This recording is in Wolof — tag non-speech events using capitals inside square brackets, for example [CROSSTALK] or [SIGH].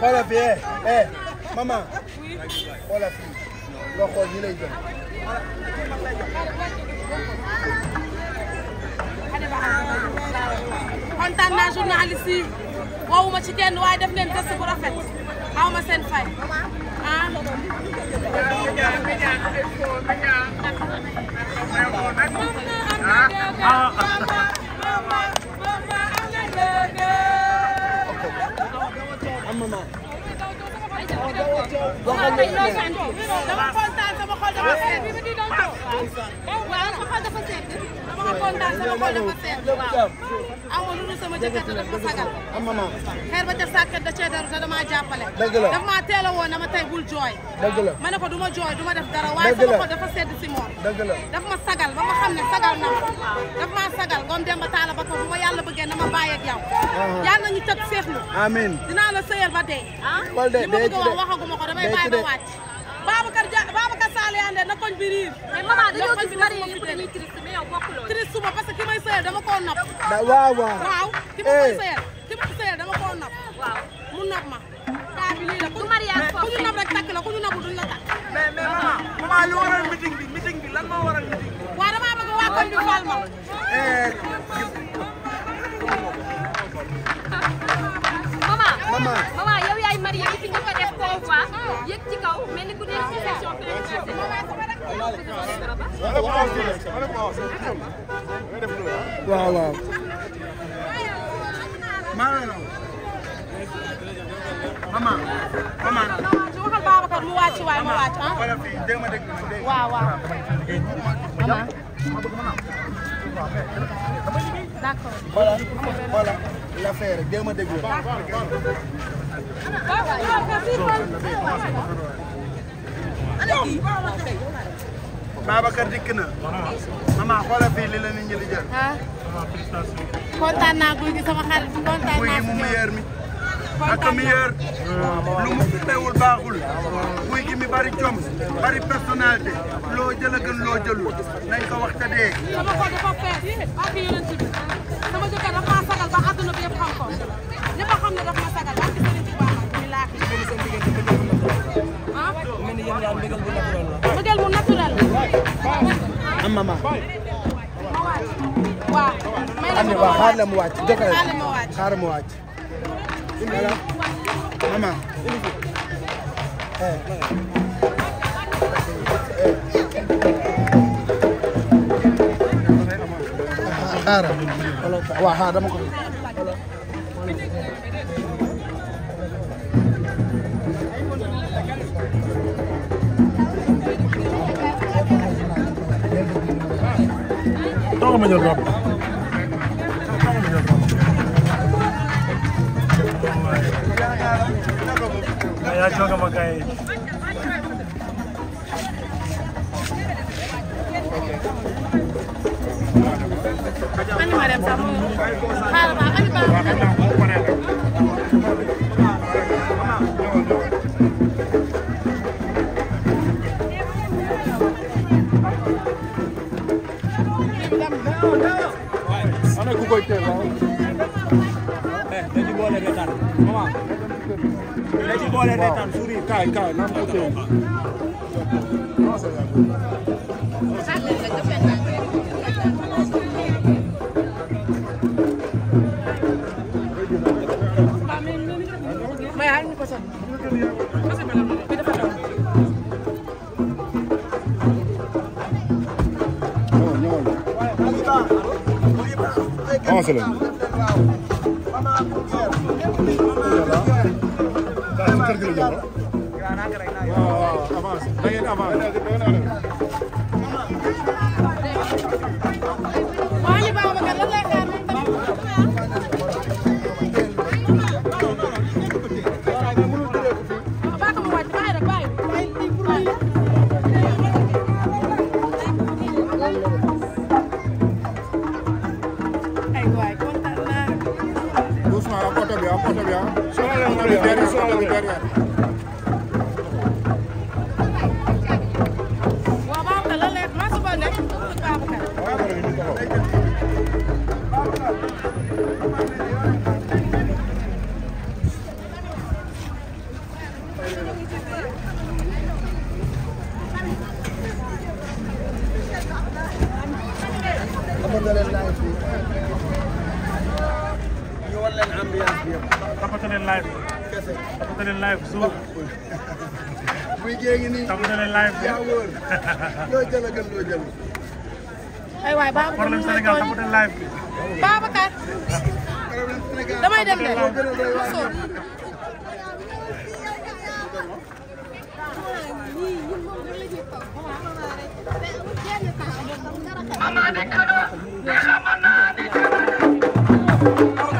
xoolal fii eh eh maman xoolal fii loo xool ñu lay jox. kontaan naa journaliste yi woowuma ci kenn waaye def ngeen gëstu bu rafet aw ma seen fay ah. waxal nañu ne dama kontaan sama xol dafa sedd bi ma di doon toog waaw sama xol dafa sedd sama xol dafa seet waaw amul lu sama jëkkër te dafa sagal am mama ba ca sàkket da cee daru te damaa jàppale daf maa teel a woo na ma tey gul jooy dëgg la ma ne ko du ma jooy du ma def dara waaye sama xol dafa sedd si moom dëgg la daf ma sagal ba ma xam ne sagal na ma daf maa sagal gom dem ba taala ba ko bu ma yàlla bëggee na ma bàyyi ak yow uh-huh. yàlla nañu tëb seexlu amiin a la sëyal ba dee li ma bëgg a wax waxaguma ko damay bàyyi ba wàcc Babacar Dia Babacar Sall Yandé na koñ bi riir. mais maman dañoo gis marié yëpp dañuy triste mais yow bokkuloo. triste suma parce que ki may sëyal dama koo nopp. waaw waaw waaw ki ma koy eh. sëyal ki ma koy sëyal dama koo nopp. waaw mu nopp ma. kaa bi lii la ku mariage ku ñu nopp rek takk la ku ñu nopp duñ la takk. mais mais maman maman lu waral meeting bi meeting bi lan moo waral meeting bi. waaw damaa bëgg waa koñ bi xool ma. Eh. maman maman. ay marié yi fi ñu ko def convoi yëg ci kaw mel ni ku nekk ci session waaw waaw. maman maman. waxal Babacar mu wàcc waay mu wàcc ah. waaw waaw. maman. d'accord. voilà voilà l'affaire dégg ma déglu. Babacar dikk na. maman xoolal fii li la nit ñi di jël. ah. kontaan gi sama xarit kontaan naa si mu meilleur mi. ak meilleur lu mu teewul baaxul. guy gi mi bari jom bari personnalité loo jël loo jëlul nañ ko wax am maman. waaw may na ma waaw xaaral ma wàcc jëkkër eh. Eh, xaaral ma wàcc. maman. xaaral waaw xaaral dama ko. Faaw ma jël robe ya joga ma kay ani ma dem sax xaaral ba ani ba ne ku koy teel waaw. Eh, mais da ci boole reetaan maman da ci boole reetaan sourire kaay kaay naan ko teel. avance la waaw avance da ngeen avance waay waay kontaan naa. doucement am oto bi am oto bi am. Ah. soxla leen oto bi derrière soxla leen derrière ah. ambiance bi yëpp. tapataleen live. kese tapataleen live suur. [LAUGHS] muy jéegi nii. tapataleen live bi yaa wóor loo jël ak loo jël. aywaay Babacar problème Sénégal tapataleen live bi. Babacar. problème Sénégal damay dem de Amani kana, ni amana ni kana.